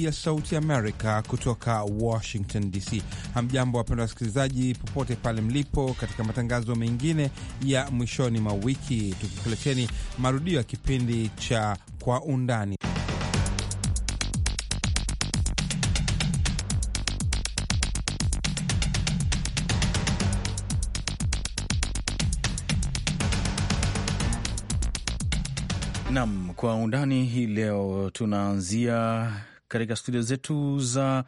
ya Sauti Amerika kutoka Washington DC. Hamjambo wapendwa wasikilizaji, popote pale mlipo, katika matangazo mengine ya mwishoni mwa wiki, tukikuleteni marudio ya kipindi cha Kwa Undani. Nam, Kwa Undani hii leo tunaanzia katika studio zetu za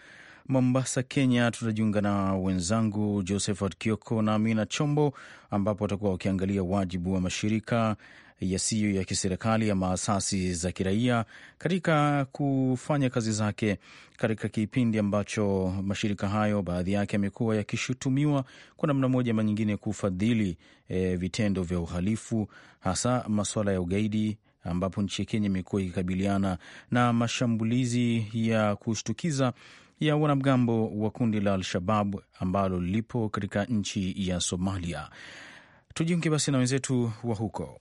Mombasa, Kenya, tutajiunga na wenzangu Josephat Kioko na Amina Chombo, ambapo watakuwa wakiangalia wajibu wa mashirika yasiyo ya, ya kiserikali ama asasi za kiraia katika kufanya kazi zake katika kipindi ambacho mashirika hayo baadhi yake yamekuwa yakishutumiwa kwa namna moja ama nyingine kufadhili e, vitendo vya uhalifu hasa masuala ya ugaidi ambapo nchi ya Kenya imekuwa ikikabiliana na mashambulizi ya kushtukiza ya wanamgambo wa kundi la Al-Shabab ambalo lipo katika nchi ya Somalia. Tujiunge basi na wenzetu wa huko.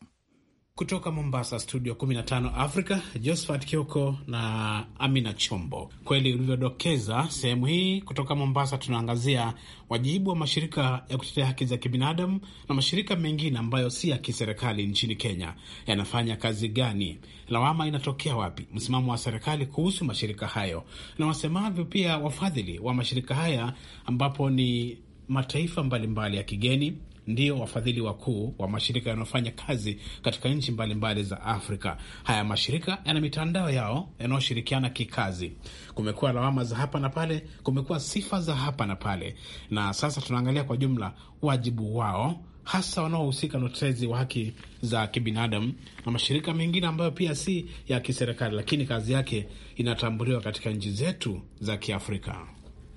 Kutoka Mombasa, studio 15 Africa, Josephat Kioko na Amina Chombo. Kweli ulivyodokeza, sehemu hii kutoka Mombasa tunaangazia wajibu wa mashirika ya kutetea haki za kibinadamu na mashirika mengine ambayo si ya kiserikali nchini Kenya. Yanafanya kazi gani? Lawama inatokea wapi? Msimamo wa serikali kuhusu mashirika hayo na wasemavyo pia wafadhili wa mashirika haya, ambapo ni mataifa mbalimbali mbali ya kigeni ndio wafadhili wakuu wa mashirika yanayofanya kazi katika nchi mbalimbali za Afrika. Haya mashirika yana mitandao yao yanayoshirikiana kikazi. Kumekuwa lawama za hapa na pale, kumekuwa sifa za hapa na pale, na sasa tunaangalia kwa jumla wajibu wao hasa wanaohusika na utetezi wa haki za kibinadamu na mashirika mengine ambayo pia si ya kiserikali, lakini kazi yake inatambuliwa katika nchi zetu za Kiafrika.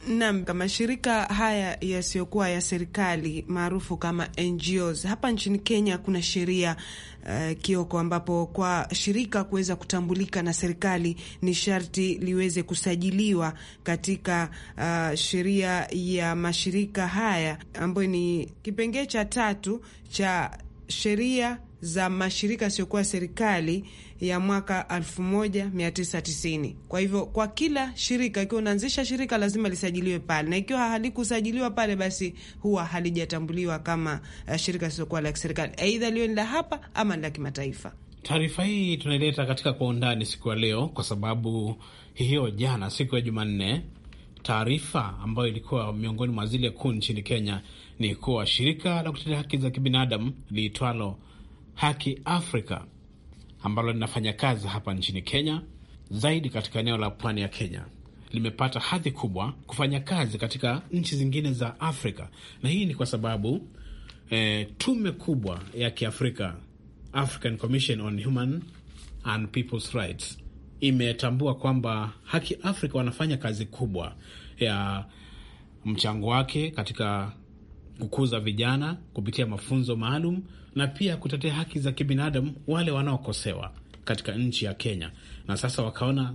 Nam, mashirika haya yasiyokuwa ya serikali maarufu kama NGOs hapa nchini Kenya kuna sheria uh, Kioko, ambapo kwa shirika kuweza kutambulika na serikali ni sharti liweze kusajiliwa katika uh, sheria ya mashirika haya ambayo ni kipengee cha tatu cha sheria za mashirika yasiyokuwa serikali ya mwaka 1990. Kwa hivyo kwa kila shirika, ikiwa unaanzisha shirika lazima lisajiliwe pale, na ikiwa halikusajiliwa pale, basi huwa halijatambuliwa kama eh, shirika lisilokuwa la kiserikali, aidha liwe ni la hapa ama ni la kimataifa. Taarifa hii tunaileta katika kwa undani siku ya leo, kwa sababu hiyo jana, siku ya Jumanne, taarifa ambayo ilikuwa miongoni mwa zile kuu nchini Kenya ni kuwa shirika la kutetea haki za kibinadamu liitwalo Haki Afrika ambalo linafanya kazi hapa nchini Kenya, zaidi katika eneo la pwani ya Kenya, limepata hadhi kubwa kufanya kazi katika nchi zingine za Afrika, na hii ni kwa sababu eh, tume kubwa ya Kiafrika, African Commission on Human and People's Rights, imetambua kwamba Haki Afrika wanafanya kazi kubwa ya mchango wake katika kukuza vijana kupitia mafunzo maalum na pia kutetea haki za kibinadamu wale wanaokosewa katika nchi ya Kenya, na sasa wakaona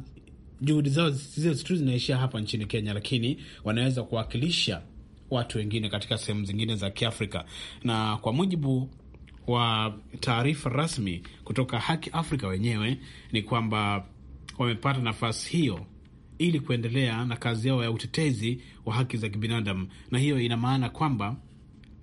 juhudi zao zio tu zinaishia hapa nchini Kenya, lakini wanaweza kuwakilisha watu wengine katika sehemu zingine za Kiafrika. Na kwa mujibu wa taarifa rasmi kutoka Haki Afrika wenyewe ni kwamba wamepata nafasi hiyo ili kuendelea na kazi yao ya utetezi wa haki za kibinadamu, na hiyo ina maana kwamba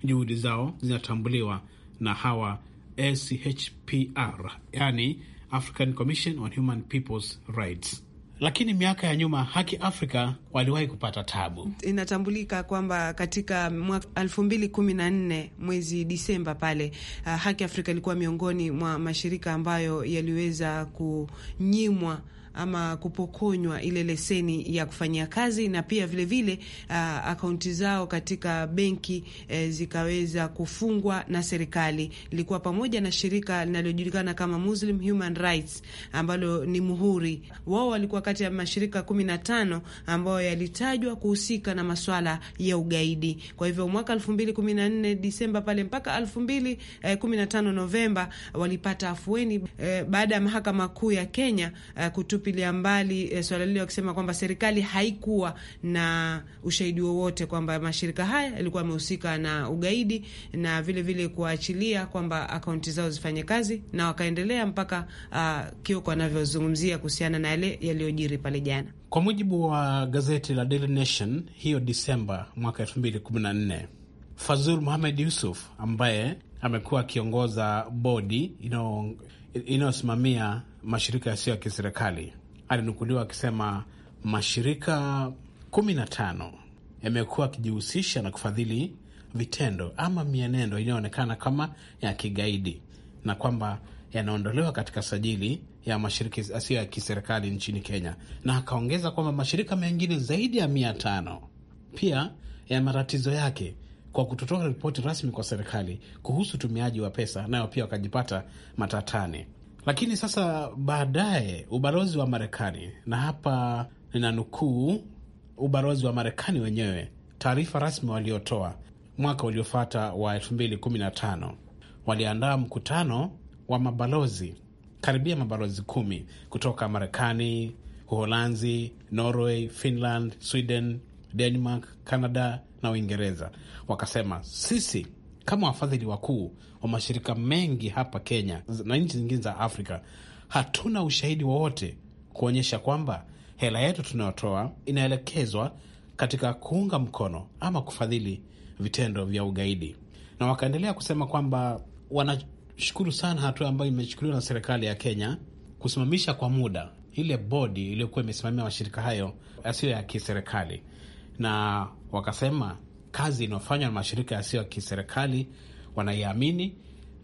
juhudi zao zinatambuliwa na hawa ACHPR, yani African Commission on Human People's Rights. Lakini miaka ya nyuma Haki Afrika waliwahi kupata tabu. Inatambulika kwamba katika mwaka elfu mbili kumi na nne mwezi Disemba pale, uh, Haki Afrika ilikuwa miongoni mwa mashirika ambayo yaliweza kunyimwa ama kupokonywa ile leseni ya kufanyia kazi na pia vilevile uh, akaunti zao katika benki eh, zikaweza kufungwa na serikali. Ilikuwa pamoja na shirika linalojulikana kama Muslim Human Rights ambalo ni muhuri wao. Walikuwa kati ya mashirika kumi na tano ambayo yalitajwa kuhusika na maswala ya ugaidi. Kwa hivyo mwaka elfu mbili kumi na nne Disemba pale mpaka elfu mbili eh, kumi na tano Novemba walipata afueni eh, baada ya mahakama kuu ya Kenya eh, kutupi wametupilia mbali e, swala lile wakisema kwamba serikali haikuwa na ushahidi wowote kwamba mashirika haya yalikuwa yamehusika na ugaidi na vile vile kuwaachilia kwamba akaunti zao zifanye kazi, na wakaendelea mpaka uh, Kioko anavyozungumzia kuhusiana na yale yaliyojiri pale jana. Kwa mujibu wa gazeti la Daily Nation, hiyo Disemba mwaka 2014 Fazul Muhamed Yusuf ambaye amekuwa akiongoza bodi inayosimamia mashirika yasiyo ya kiserikali alinukuliwa akisema mashirika 15 yamekuwa akijihusisha na kufadhili vitendo ama mienendo inayoonekana kama ya kigaidi na kwamba yanaondolewa katika sajili ya mashirika yasiyo ya kiserikali nchini Kenya, na akaongeza kwamba mashirika mengine zaidi ya mia tano pia ya matatizo yake kwa kutotoa ripoti rasmi kwa serikali kuhusu utumiaji wa pesa, nayo pia wakajipata matatani. Lakini sasa baadaye ubalozi wa Marekani, na hapa nukuu ubalozi wa Marekani wenyewe, taarifa rasmi waliotoa mwaka uliofuata wa 2015 waliandaa mkutano wa mabalozi karibia mabalozi kumi kutoka Marekani, Uholanzi, Norway, Finland, Sweden, Denmark, Canada na Uingereza, wakasema sisi kama wafadhili wakuu wa mashirika mengi hapa Kenya na nchi zingine za Afrika, hatuna ushahidi wowote kuonyesha kwamba hela yetu tunayotoa inaelekezwa katika kuunga mkono ama kufadhili vitendo vya ugaidi. Na wakaendelea kusema kwamba wanashukuru sana hatua ambayo imechukuliwa na serikali ya Kenya kusimamisha kwa muda ile bodi iliyokuwa imesimamia mashirika hayo yasiyo ya kiserikali, na wakasema kazi inayofanywa na mashirika yasiyo ya kiserikali wanaiamini,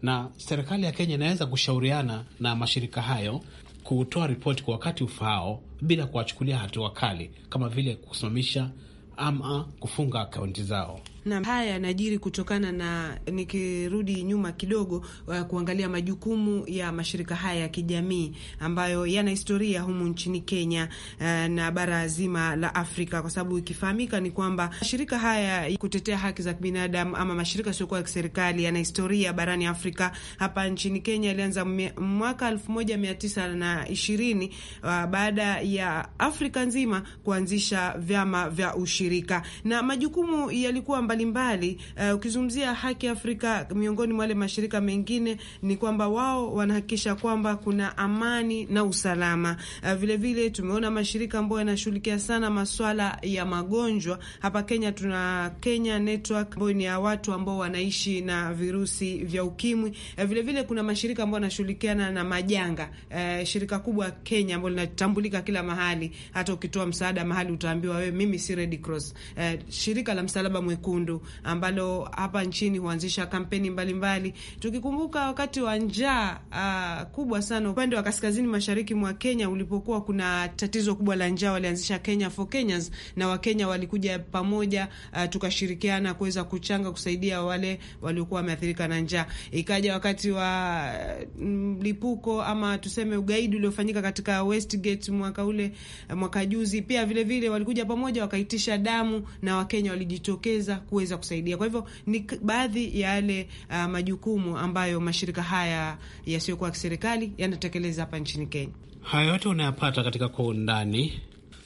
na serikali ya Kenya inaweza kushauriana na mashirika hayo kutoa ripoti kwa wakati ufaao bila kuwachukulia hatua kali kama vile kusimamisha ama kufunga akaunti zao. Na haya yanajiri kutokana na, nikirudi nyuma kidogo, uh, kuangalia majukumu ya mashirika haya ya kijamii ambayo yana historia humu nchini Kenya, uh, na bara zima la Afrika, kwa sababu ikifahamika ni kwamba mashirika haya kutetea haki za kibinadamu ama mashirika yasiyokuwa ya kiserikali yana historia barani Afrika. Hapa nchini Kenya ilianza mwaka elfu moja mia tisa na ishirini uh, baada ya Afrika nzima kuanzisha vyama vya ushirika shirika na majukumu yalikuwa mbalimbali. Eh, ukizungumzia uh, Haki Afrika, miongoni mwa wale mashirika mengine ni kwamba wao wanahakikisha kwamba kuna amani na usalama. Uh, vile vile tumeona mashirika ambayo yanashughulikia sana maswala ya magonjwa hapa Kenya. Tuna Kenya Network ambayo ni ya watu ambao wanaishi na virusi vya ukimwi. Uh, vile vile kuna mashirika ambayo yanashughulikiana na majanga. Uh, shirika kubwa Kenya ambayo linatambulika kila mahali, hata ukitoa msaada mahali utaambiwa wewe, mimi si Red Cross Cross, eh, shirika la Msalaba Mwekundu ambalo hapa nchini huanzisha kampeni mbalimbali mbali. Tukikumbuka wakati wa njaa uh, kubwa sana upande wa kaskazini mashariki mwa Kenya ulipokuwa kuna tatizo kubwa la njaa, walianzisha Kenya for Kenyans na Wakenya walikuja pamoja, uh, tukashirikiana kuweza kuchanga kusaidia wale waliokuwa wameathirika na njaa. Ikaja wakati wa mm, mlipuko ama tuseme ugaidi uliofanyika katika Westgate mwaka ule mwaka juzi, pia vilevile vile, walikuja pamoja wakaitisha binadamu na Wakenya walijitokeza kuweza kusaidia. Kwa hivyo ni baadhi ya yale uh, majukumu ambayo mashirika haya yasiyokuwa ya kiserikali yanatekeleza hapa nchini Kenya. Haya yote unayapata katika kwa undani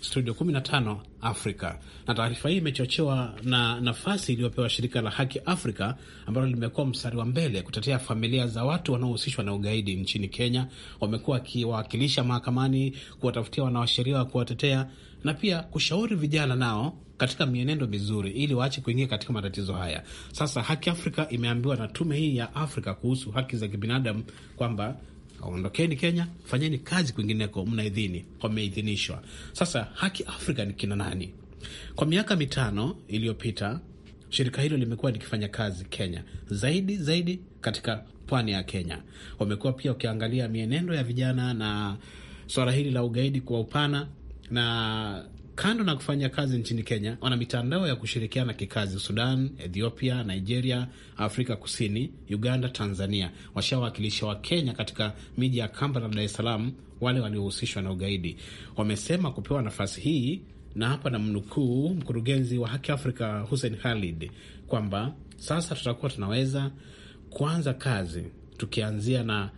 Studio 15 Afrika, na taarifa hii imechochewa na nafasi iliyopewa shirika la Haki Afrika ambalo limekuwa mstari wa mbele kutetea familia za watu wanaohusishwa na ugaidi nchini Kenya. Wamekuwa wakiwawakilisha mahakamani, kuwatafutia wanawasheria wa kuwatetea na pia kushauri vijana nao katika mienendo mizuri ili waache kuingia katika matatizo haya. Sasa Haki Afrika imeambiwa na tume hii ya Afrika kuhusu haki za kibinadamu kwamba ondokeni Kenya, fanyeni kazi kwingineko, mnaidhini, wameidhinishwa. Sasa Haki Afrika ni kina nani? Kwa miaka mitano iliyopita shirika hilo limekuwa likifanya kazi Kenya zaidi zaidi katika pwani ya Kenya. Wamekuwa pia wakiangalia mienendo ya vijana na swala hili la ugaidi kwa upana na kando na kufanya kazi nchini Kenya, wana mitandao ya kushirikiana kikazi Sudan, Ethiopia, Nigeria, Afrika Kusini, Uganda, Tanzania. Washawakilisha wa kenya katika miji ya Kampala na Dar es Salaam wale waliohusishwa na ugaidi. Wamesema kupewa nafasi hii, na hapa na mnukuu mkurugenzi wa Haki Afrika Hussein Khalid kwamba sasa tutakuwa tunaweza kuanza kazi tukianzia na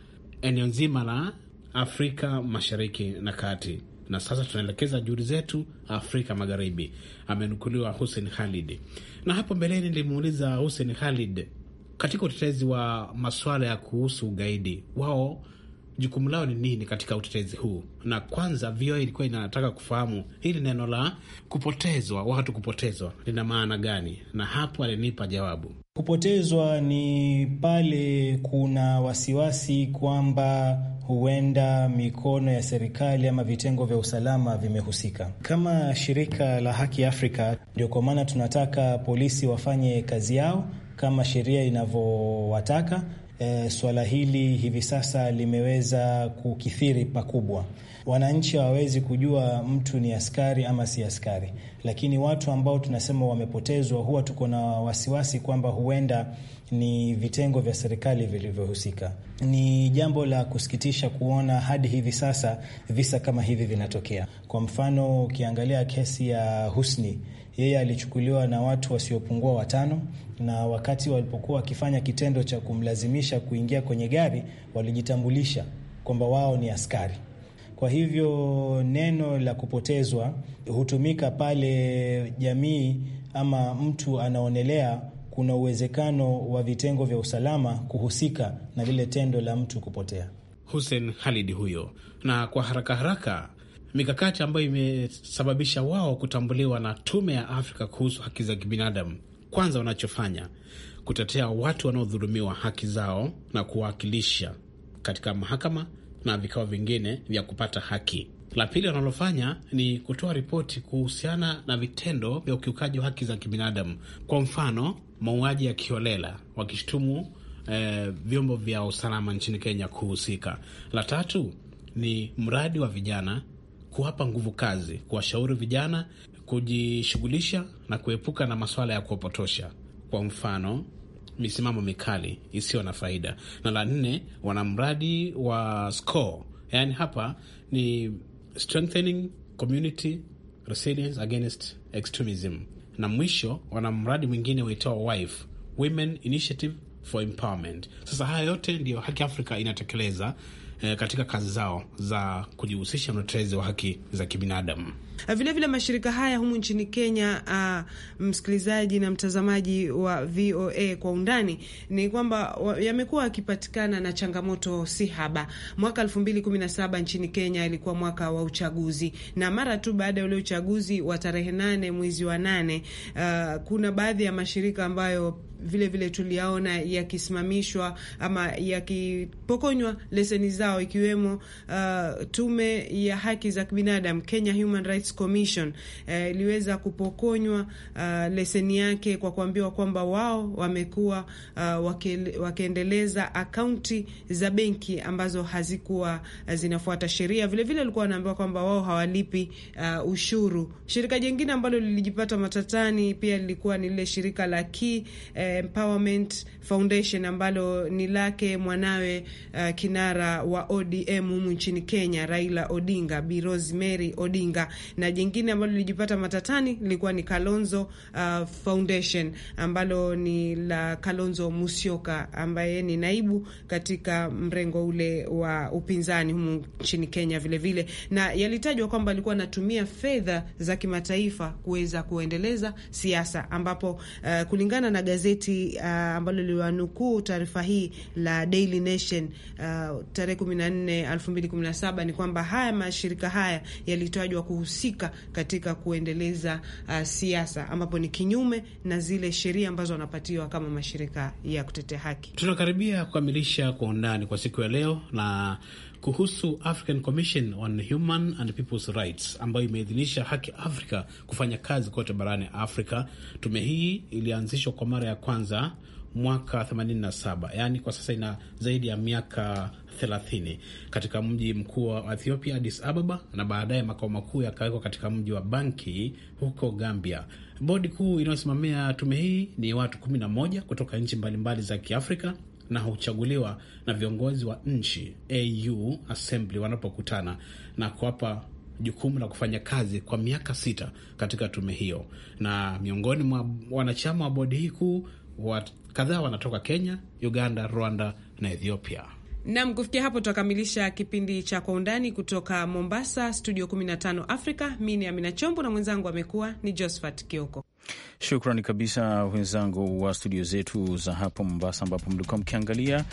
eneo nzima la Afrika Mashariki na Kati na sasa tunaelekeza juhudi zetu Afrika Magharibi, amenukuliwa Hussein Khalid. Na hapo mbeleni nilimuuliza Hussein Khalid katika utetezi wa masuala ya kuhusu ugaidi, wao jukumu lao ni nini katika utetezi huu. Na kwanza VOA ilikuwa inataka kufahamu hili neno la kupotezwa, watu kupotezwa lina maana gani, na hapo alinipa jawabu. Kupotezwa ni pale kuna wasiwasi kwamba huenda mikono ya serikali ama vitengo vya usalama vimehusika. Kama shirika la Haki Afrika, ndio kwa maana tunataka polisi wafanye kazi yao kama sheria inavyowataka e, swala hili hivi sasa limeweza kukithiri pakubwa. Wananchi hawawezi kujua mtu ni askari ama si askari, lakini watu ambao tunasema wamepotezwa, huwa tuko na wasiwasi kwamba huenda ni vitengo vya serikali vilivyohusika. Ni jambo la kusikitisha kuona hadi hivi sasa visa kama hivi vinatokea. Kwa mfano, ukiangalia kesi ya Husni yeye alichukuliwa na watu wasiopungua watano, na wakati walipokuwa wakifanya kitendo cha kumlazimisha kuingia kwenye gari, walijitambulisha kwamba wao ni askari. Kwa hivyo neno la kupotezwa hutumika pale jamii ama mtu anaonelea kuna uwezekano wa vitengo vya usalama kuhusika na lile tendo la mtu kupotea. Hussein Khalid huyo. Na kwa haraka haraka mikakati ambayo imesababisha wao kutambuliwa na Tume ya Afrika kuhusu haki za kibinadamu. Kwanza wanachofanya kutetea watu wanaodhulumiwa haki zao na kuwakilisha katika mahakama na vikao vingine vya kupata haki. La pili wanalofanya ni kutoa ripoti kuhusiana na vitendo vya ukiukaji wa haki za kibinadamu, kwa mfano mauaji ya kiholela, wakishutumu eh, vyombo vya usalama nchini Kenya kuhusika. La tatu ni mradi wa vijana kuwapa nguvu kazi, kuwashauri vijana kujishughulisha na kuepuka na masuala ya kuopotosha, kwa mfano misimamo mikali isiyo na faida. Na la nne, wana mradi wa SCORE, yaani hapa ni strengthening community resilience against extremism, na mwisho wana mradi mwingine uitao WIFE, Women Initiative for Empowerment. Sasa haya yote ndiyo Haki Afrika inatekeleza Eh, katika kazi zao za kujihusisha na utetezi wa haki za kibinadamu. Vilevile eh, mashirika haya humu nchini Kenya. Uh, msikilizaji na mtazamaji wa VOA kwa undani ni kwamba yamekuwa yakipatikana na changamoto si haba. Mwaka 2017 nchini Kenya ilikuwa mwaka wa uchaguzi, na mara tu baada ya ule uchaguzi wa tarehe nane mwezi wa nane, uh, kuna baadhi ya mashirika ambayo vilevile vile tuliyaona yakisimamishwa ama yakipokonywa leseni zao ikiwemo uh, tume ya haki za kibinadamu Kenya Human Rights Commission eh, iliweza uh, kupokonywa uh, leseni yake kwa kuambiwa kwamba wao wamekuwa uh, wake, wakiendeleza akaunti za benki ambazo hazikuwa uh, zinafuata sheria. Vilevile walikuwa wanaambiwa kwamba wao hawalipi uh, ushuru. Shirika jingine ambalo lilijipata matatani pia lilikuwa ni lile shirika la Kii eh, Empowerment Foundation ambalo ni lake mwanawe uh, kinara wa ODM humu nchini Kenya Raila Odinga, Bi Rosemary Odinga, na jingine ambalo lilijipata matatani lilikuwa ni Kalonzo uh, Foundation ambalo ni la Kalonzo Musyoka ambaye ni naibu katika mrengo ule wa upinzani humu nchini Kenya vilevile vile. Na yalitajwa kwamba alikuwa anatumia fedha za kimataifa kuweza kuendeleza siasa ambapo uh, kulingana na gazeti gazeti uh, ambalo liliwanukuu taarifa hii la Daily Nation uh, tarehe 14 2017 ni kwamba haya mashirika haya yalitajwa kuhusika katika kuendeleza uh, siasa, ambapo ni kinyume na zile sheria ambazo wanapatiwa kama mashirika ya kutetea haki. Tunakaribia kukamilisha kwa undani kwa siku ya leo na kuhusu African Commission on Human and Peoples Rights ambayo imeidhinisha Haki Afrika kufanya kazi kote barani Afrika. Tume hii ilianzishwa kwa mara ya kwanza mwaka 87 yaani kwa sasa ina zaidi ya miaka 30 katika mji mkuu wa Ethiopia, Addis Ababa, na baadaye makao makuu yakawekwa katika mji wa Banki huko Gambia. Bodi kuu inayosimamia tume hii ni watu 11 kutoka nchi mbalimbali za Kiafrika na huchaguliwa na viongozi wa nchi au assembly wanapokutana na kuwapa jukumu la kufanya kazi kwa miaka sita katika tume hiyo, na miongoni mwa wanachama wa bodi hii kuu kadhaa wanatoka Kenya, Uganda, Rwanda na Ethiopia. Nam, kufikia hapo tutakamilisha kipindi cha Kwa Undani kutoka Mombasa, Studio 15 Africa. Mi ni Amina Chombo na mwenzangu amekuwa ni Josphat Kioko. Shukran kabisa wenzangu wa studio zetu za hapo Mombasa, ambapo mlikuwa mkiangalia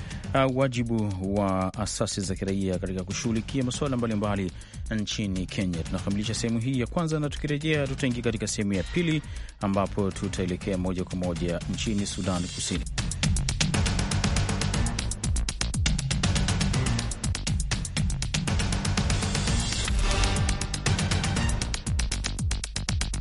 uh, wajibu wa asasi za kiraia katika kushughulikia masuala mbalimbali nchini Kenya. Tunakamilisha sehemu hii ya kwanza, na tukirejea tutaingia katika sehemu ya pili, ambapo tutaelekea moja kwa moja nchini Sudan Kusini.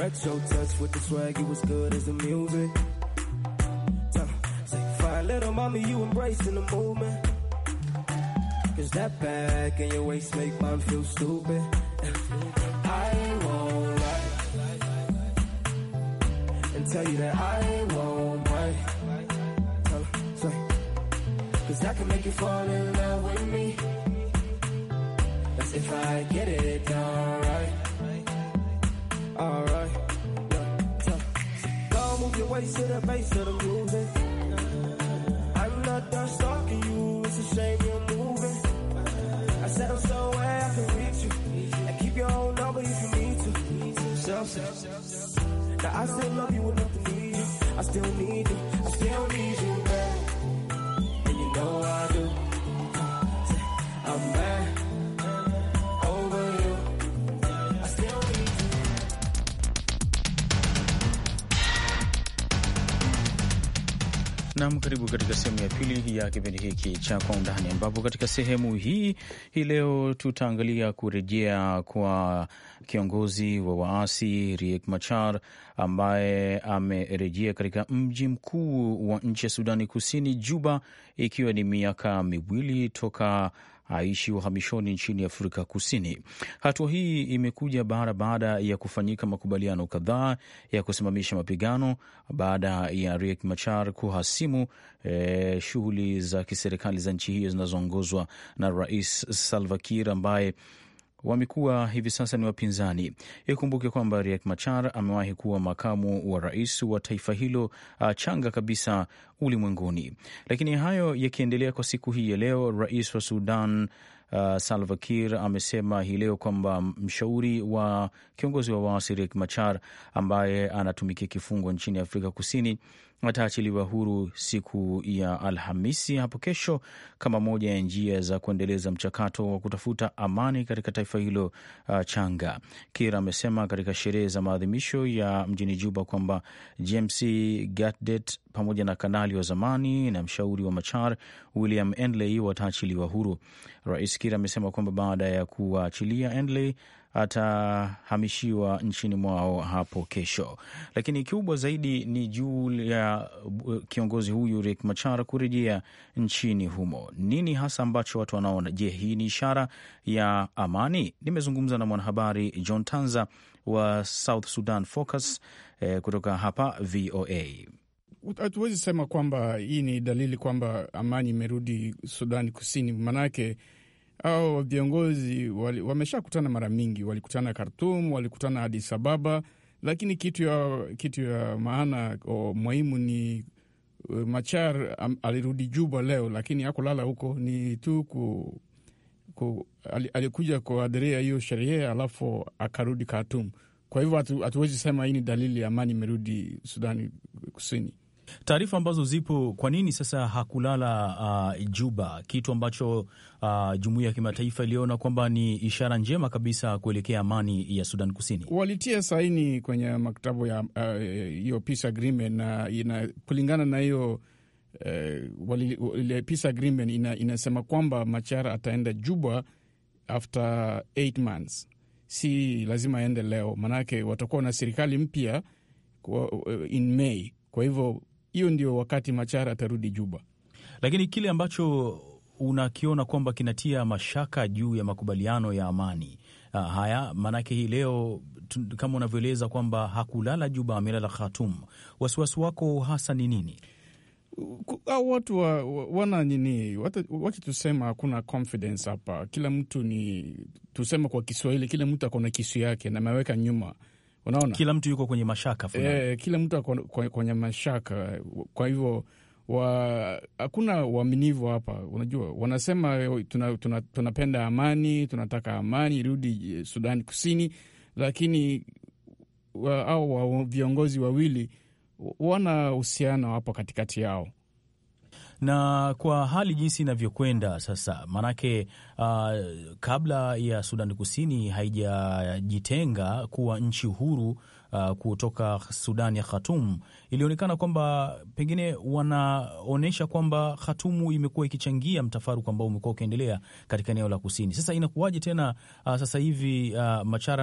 Retro touch with the swag, you was good as the music. Uh, say, fine little mommy, you embracing the movement. Cause that back in your waist make mine feel stupid. I won't lie. And tell you that I won't bite. Uh, say, Cause I can make you fall in love with me. That's if I get it done right alright. Go move your waist to the bass of the music. I'm not done stalking you, it's a shame you're moving. I said I'm so where I can reach you. And keep your own number if you need to. Selfish. Now I still love you enough to need you. I still need you, I still need you, man. And you know I do. I'm mad. Nam, karibu katika sehemu ya pili ya kipindi hiki cha Kwa Undani, ambapo katika sehemu hii hii leo tutaangalia kurejea kwa kiongozi wa waasi Riek Machar ambaye amerejea katika mji mkuu wa nchi ya Sudani Kusini, Juba, ikiwa ni miaka miwili toka aishi uhamishoni nchini Afrika Kusini. Hatua hii imekuja bara baada ya kufanyika makubaliano kadhaa ya kusimamisha mapigano baada ya Riek Machar kuhasimu eh, shughuli za kiserikali za nchi hiyo zinazoongozwa na Rais Salva Kiir ambaye wamekuwa hivi sasa ni wapinzani. Ikumbuke kwamba Riek Machar amewahi kuwa makamu wa rais wa taifa hilo ah, changa kabisa ulimwenguni. Lakini hayo yakiendelea, kwa siku hii ya leo, rais wa Sudan Uh, Salva Kiir amesema hii leo kwamba mshauri wa kiongozi wa waasi Riek Machar ambaye anatumikia kifungo nchini Afrika Kusini ataachiliwa huru siku ya Alhamisi hapo kesho kama moja ya njia za kuendeleza mchakato wa kutafuta amani katika taifa hilo uh, changa. kir amesema katika sherehe za maadhimisho ya mjini Juba kwamba James Gatdet pamoja na kanali wa zamani na mshauri wa Machar William Endley wataachiliwa huru. Rais kir amesema kwamba baada ya kuwaachilia Endley atahamishiwa nchini mwao hapo kesho. Lakini kubwa zaidi ni juu ya eh, kiongozi huyu Riek Machar kurejea nchini humo. Nini hasa ambacho watu wanaona? Je, hii ni ishara ya amani? Nimezungumza na mwanahabari John Tanza wa South Sudan Focus eh, kutoka hapa VOA. Hatuwezi sema kwamba hii ni dalili kwamba amani imerudi Sudani Kusini, maanake au viongozi wameshakutana mara mingi, walikutana Khartum, walikutana Adis Ababa, lakini kitu ya, kitu ya maana muhimu ni e, Machar am, alirudi Juba leo lakini akulala huko, ni tu ku, ku, al, alikuja kuadhiria hiyo sherehe alafu akarudi Khartum. Kwa hivyo hatuwezi sema hii ni dalili ya amani imerudi Sudani Kusini. Taarifa ambazo zipo, kwa nini sasa hakulala uh, Juba, kitu ambacho uh, jumuiya ya kimataifa iliona kwamba ni ishara njema kabisa kuelekea amani ya Sudan Kusini. Walitia saini kwenye maktabu ya uh, hiyo uh, peace agreement na ina, kulingana na hiyo uh, ile peace agreement ina, inasema kwamba Machara ataenda Juba after 8 months, si lazima aende leo, maanake watakuwa na serikali mpya uh, in May. Kwa hivyo hiyo ndio wakati Machara atarudi Juba. Lakini kile ambacho unakiona kwamba kinatia mashaka juu ya makubaliano ya amani uh, haya maanake hii leo kama unavyoeleza kwamba hakulala Juba, amelala Khatum. Wasiwasi wako hasa ni nini? Au watu wa, wana nini wakitusema hakuna confidence hapa, kila mtu ni tusema kwa Kiswahili, kila mtu akona kisu yake na ameweka nyuma Unaona, kila mtu yuko kwenye mashaka fulani e, kila mtu kwenye mashaka. Kwa hivyo hakuna uaminivu hapa. Unajua, wanasema tunapenda tuna, tuna amani, tunataka amani irudi eh, Sudan Kusini, lakini au viongozi wawili wana uhusiano hapo katikati yao na kwa hali jinsi inavyokwenda sasa, maanake uh, ah, kabla ya Sudan Kusini haijajitenga kuwa nchi huru Uh, kutoka Sudan ya Khartoum ilionekana kwamba pengine wanaonyesha kwamba Khartoum imekuwa ikichangia mtafaruku ambao umekuwa ukiendelea katika eneo la kusini. Sasa inakuwaje tena uh, sasa hivi uh, Machar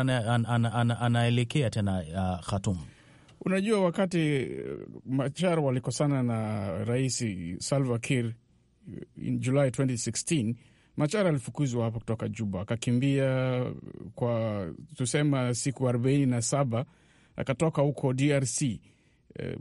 anaelekea tena uh, Khartoum? Unajua, wakati eh, Machar walikosana na Rais Salva Kiir eh, in July 2016 Machar alifukuzwa hapo kutoka Juba, akakimbia kwa tusema siku arobaini na saba akatoka huko DRC. Eh,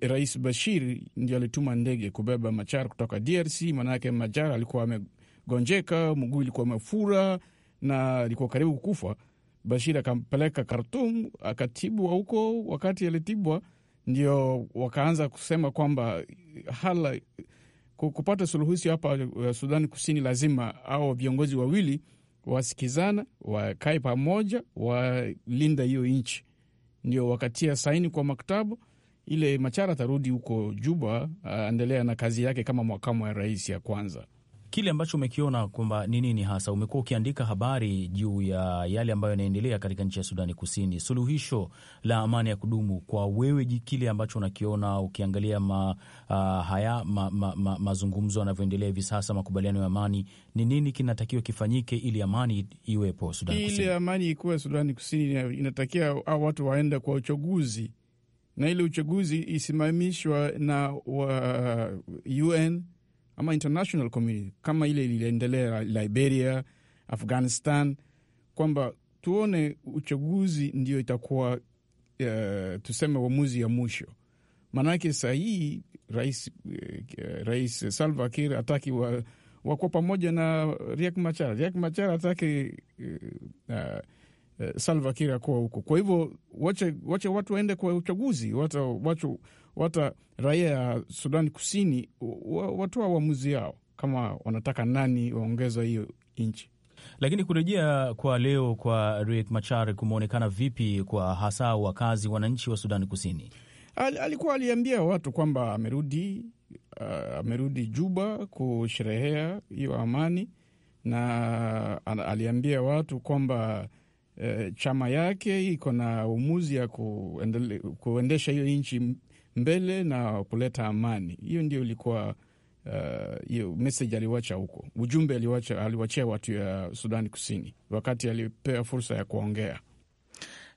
Rais Bashir ndio alituma ndege kubeba Machar kutoka DRC, maanake Machar alikuwa amegonjeka, mguu ilikuwa amefura na alikuwa karibu kukufa. Bashir akampeleka Khartum akatibwa huko. Wakati alitibwa, ndio wakaanza kusema kwamba hala kupata suluhisho hapa eh, Sudani Kusini lazima au viongozi wawili wasikizana, wakae pamoja, walinda hiyo nchi. Ndio wakatia saini kwa maktabu ile. Machara atarudi huko Juba, aendelea na kazi yake kama makamu wa rais ya kwanza kile ambacho umekiona kwamba ni nini hasa? Umekuwa ukiandika habari juu ya yale ambayo yanaendelea katika nchi ya Sudani Kusini, suluhisho la amani ya kudumu kwa wewe, kile ambacho unakiona ukiangalia ma, uh, haya ma, ma, ma, mazungumzo yanavyoendelea hivi sasa, makubaliano ya amani, ni nini kinatakiwa kifanyike ili amani iwepo Sudani Kusini? Ili amani ikuwe Sudani Kusini inatakiwa au watu waenda kwa uchaguzi na ile uchaguzi isimamishwa na wa UN ama international community kama ile iliendelea Liberia, Afghanistan, kwamba tuone uchaguzi ndio itakuwa uh, tuseme uamuzi ya mwisho. Maanake saa hii rais, uh, rais Salva Kiir ataki wa, wakuwa pamoja na Riek Machar. Riek Machar ataki uh, eh, uh, ah, Eh, Salva Kiir akuwa huko. Kwa hivyo wache, wache watu waende kwa uchaguzi, wata raia ya Sudani Kusini watoa uamuzi yao kama wanataka nani waongeza hiyo nchi. Lakini kurejea kwa leo kwa Riek Machar kumeonekana vipi kwa hasa wakazi wananchi wa Sudani Kusini? Al, alikuwa aliambia watu kwamba amerudi, uh, amerudi Juba kusherehea hiyo amani na al, aliambia watu kwamba Eh, chama yake iko na umuzi ya kuendesha hiyo nchi mbele na kuleta amani. Hiyo ndio ilikuwa eh, hiyo uh, message aliwacha huko, ujumbe aliwacha, aliwachia watu ya Sudani Kusini wakati alipewa fursa ya kuongea.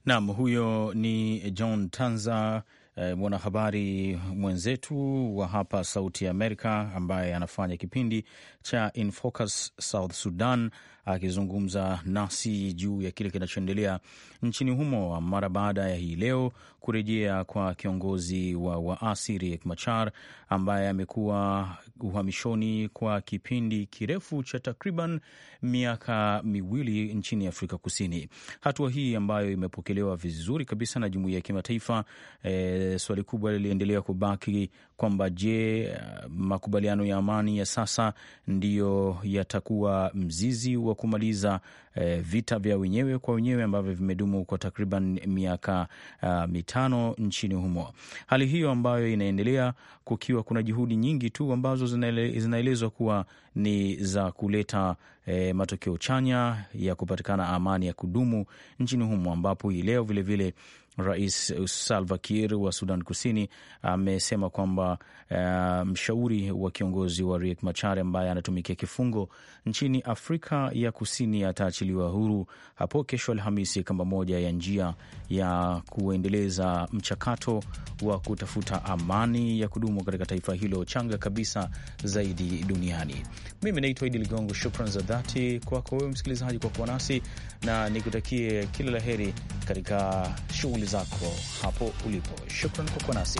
Naam, huyo ni John Tanza eh, mwanahabari mwenzetu wa hapa Sauti ya Amerika ambaye anafanya kipindi cha infocus South Sudan akizungumza nasi juu ya kile kinachoendelea nchini humo mara baada ya hii leo kurejea kwa kiongozi wa waasi Riek Machar ambaye amekuwa uhamishoni kwa kipindi kirefu cha takriban miaka miwili nchini Afrika Kusini. Hatua hii ambayo imepokelewa vizuri kabisa na jumuiya ya kimataifa. E, swali kubwa liliendelea kubaki kwamba je, makubaliano ya amani ya sasa ndiyo yatakuwa mzizi wa kumaliza e, vita vya wenyewe kwa wenyewe ambavyo vimedumu kwa takriban miaka a, ah, mitano nchini humo. Hali hiyo ambayo inaendelea kukiwa kuna juhudi nyingi tu ambazo ambazo zinaelezwa kuwa ni za kuleta e, matokeo chanya ya kupatikana amani ya kudumu nchini humo, ambapo hii leo vilevile Rais Salva Kiir wa Sudan Kusini amesema kwamba uh, mshauri wa kiongozi wa Riek Machar ambaye anatumikia kifungo nchini Afrika ya Kusini ataachiliwa huru hapo kesho Alhamisi kama moja ya njia ya kuendeleza mchakato wa kutafuta amani ya kudumu katika taifa hilo changa kabisa zaidi duniani. Mimi naitwa Idi Ligongo, shukran za dhati kwako wewe msikilizaji kwa kuwa nasi na nikutakie kila la heri katika shughuli shughuli zako hapo ulipo. Shukran kwa kuwa nasi.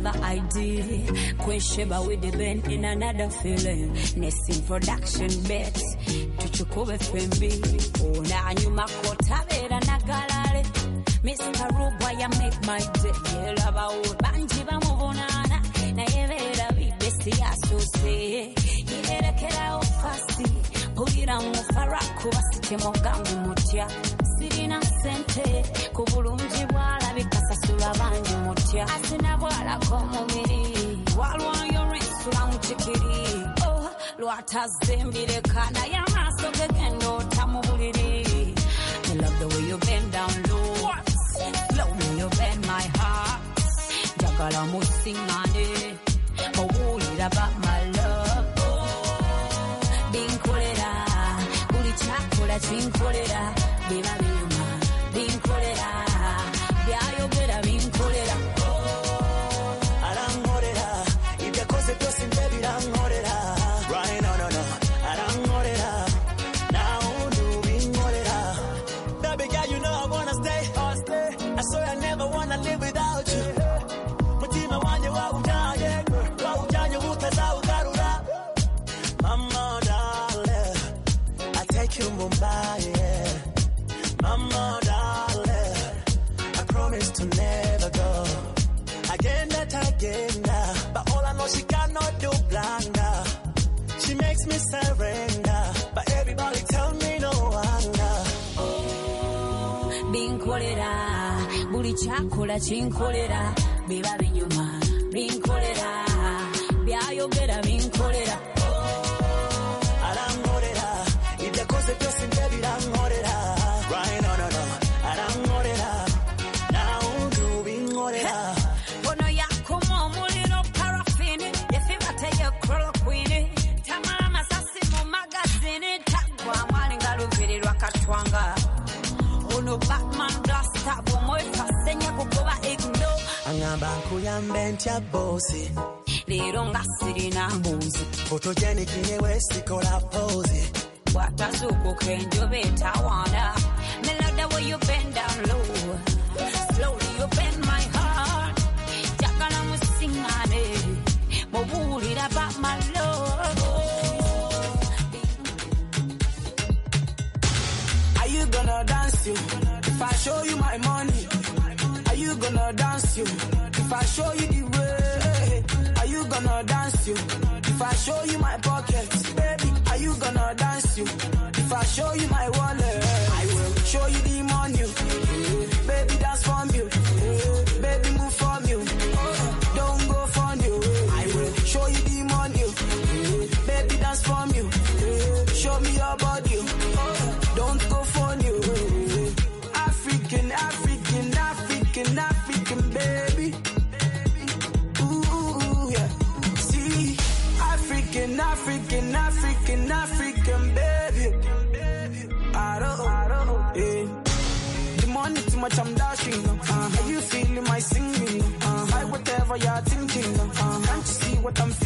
mother Queen Kwesheba with the band in another feeling. Nesting production bet. Tuchukue FMB. Ona nyuma kotabera na galare. Mr. Rubwa ya make my day. Yela bawe banji bamubonana. Na yebera bibesi asose. Yerekera ofasi. Pulira mu faraku basike mogangu mutya sirina ku bulungi bwalabika sasula bangi mutya walwayo lwensula mu kikiri mu buliri love the way you bend down low me you bend my heart njagala musiŋŋane owulira ba my love binkolera buli kyakola kinkolera bibabi ya yo ekyakola kinkolera biba binyuma binkolera y de alankolera ibyakoze byose dirán morera Nikambe ntya bosi leero nga sirina mbuzi fotogenikine sikola pose bwatazuukuka enjoba etawaana meloda we you bend down low slowly you bend my heart jagala musiŋŋaane mubuulira ba malo. Are you gonna dance you? If I show you my money, are you gonna dance you? If I show you the way, are you gonna dance you? If I show you my pocket, baby, are you gonna dance you? If I show you my wallet, I will show you the money. African, African, African baby. I don't, yeah. The money too much, I'm dashing. Uh, uh-huh. how you feeling my singing? Uh, uh-huh. like whatever you're thinking. Uh, can't you see what I'm feeling?